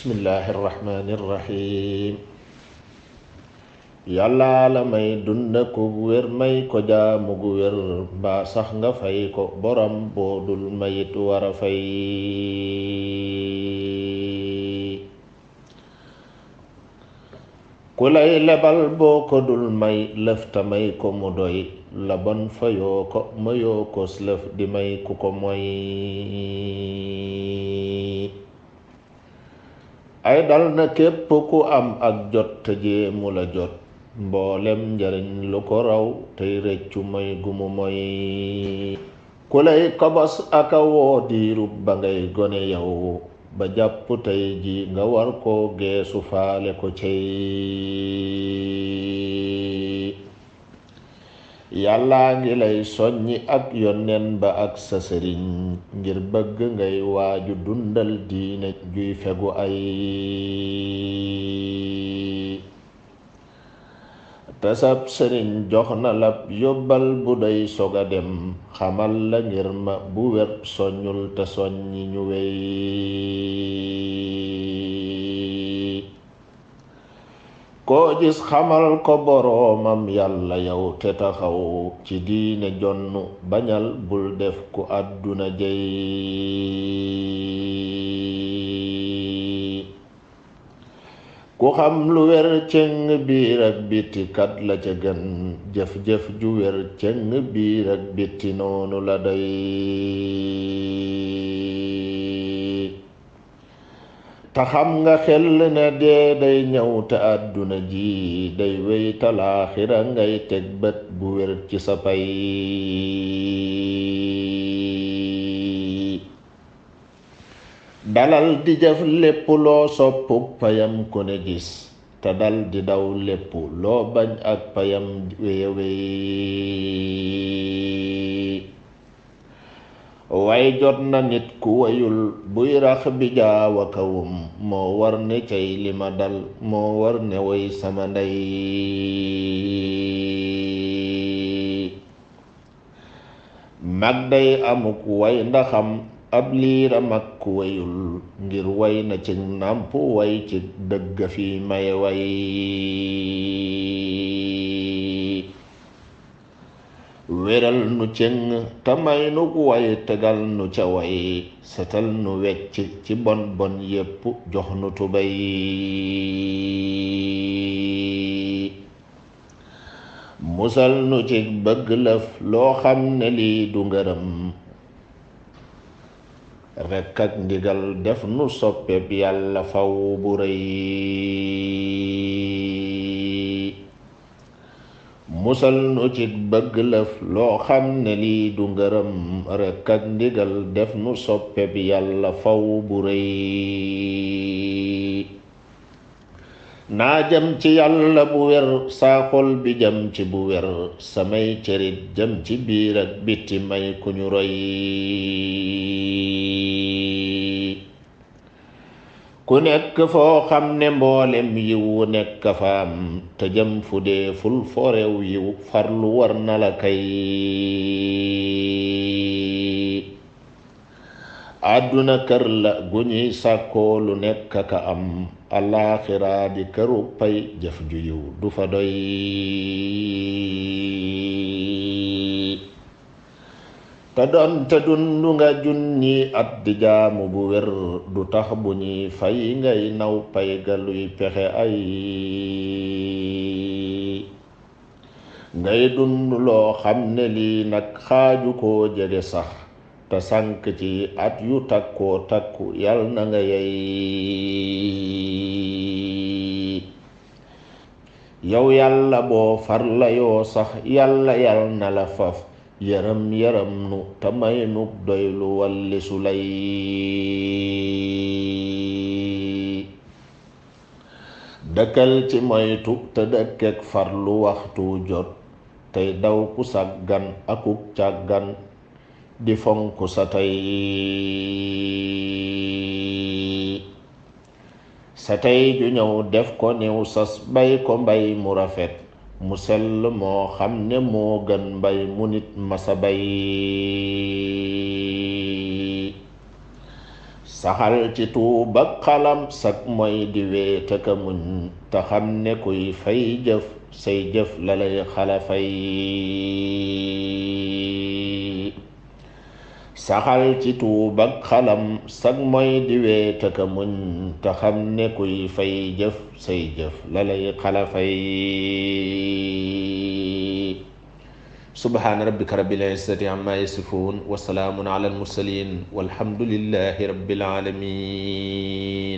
bismillahi irrahmani irrahim yàllaa la may dund ku wér may ko jaamu gu wér mbaa nga fay ko borom boo dul mayit war fay ku lebal boo ko may lëfta may ko mu doy la bon fayoo ko may ku moy ay dal na képp ku am ak jot te jéemu la jot mboolem njariñ lu ko raw tey rëccu moy gumu moy ku lay kobos aka woo ba ngay gone yow ba jàpp tey ji nga war ko geesu faale ko cey yàlla ngi lay soññi ak yonneen ba ak sa sëriñ ngir bëgg ngay waaju dundal diine juy fegu ay pesab sëriñ jox na lab yóbbal bu doy soga dem xamal la ngir ma bu wér soññul te soññi ñu wey koo gis xamal ko boroomam yàlla yow te taxaw ci diine jonn bañal bul def ku àdduna jey ku xam lu wér ceng biir ak biti kat la ca gën jëf-jëf ju wér ceng biir ak biti noonu la day te xam nga xel ne dee day ñëw te àdduna ji day wéy talaaxira ngay teg bët bu wér ci sa pay dalal di jëf lépp loo soppu payam ko ne gis te dal di daw lépp loo bañ ak payam wéye wéy way jot na nit ku wayul buy rax bi jaawa moo war ne cay li ma dal moo war ne way sama ndey mag day amuk way ndaxam ab liira mag ku wayul ngir way na cig nàmp way ci dëgg fi may way wéral nu cëng tamay nu way tegal nu ca way setal nu wecc ci bon bon yépp jox nu tubay musal nu ci bëgg lëf loo xam ne lii du ngërëm rekk ak ndigal def nu soppeeb yàlla faw bu rëy musal nu ci bëgg lëf loo xam ne lii du ngërëm rekk ak ndigal def nu soppe bi yàlla faw bu rëy naa jëm ci yàlla bu wér saa bi jëm ci bu wér samay cërit jëm ci biir ak biti may ku ñu roy ku nekk foo xam ne mboolem yiwu nekk faam te jëm fu dee ful forew yiwu farlu war na la kay àdduna kër gu ñuy sàkkoo lu nekk ka am alaaxira di këru pay jëf ju yiw du fa doy te doon te dund nga junni at di jaamu bu wér du tax bu ñuy fay ngay naw pay ga luy pexe ay ngay dund loo xam ne lii nag xaaju ko jege sax te sànk ci at yu takkoo takku yal na nga yey yow yàlla boo far sax yàlla yal na la faf yaram yaram nu te may nu doylu walli lay dëkkal ci moytu te dëkkeek farlu waxtu jot tey daw ku sàggan akuk càggan di fonk sa tey sa tey ju ñëw def ko niw sas bay ko mbay mu rafet mu sell moo xam ne moo gën mbay mu nit masa bay saxal ci tuubak xalam sag mooy di weetaka muñ te xam ne kuy fay jëf say jëf la lay xalafay saxal ci tuubak xalam sag mooy di weetaka muñ te xam ne kuy fay jëf say jëf la lay xalafay subhaana rabbika rabbil izzati amma yasifuun wa salaamun ala al mursalin walhamdulillahi rabbil alamin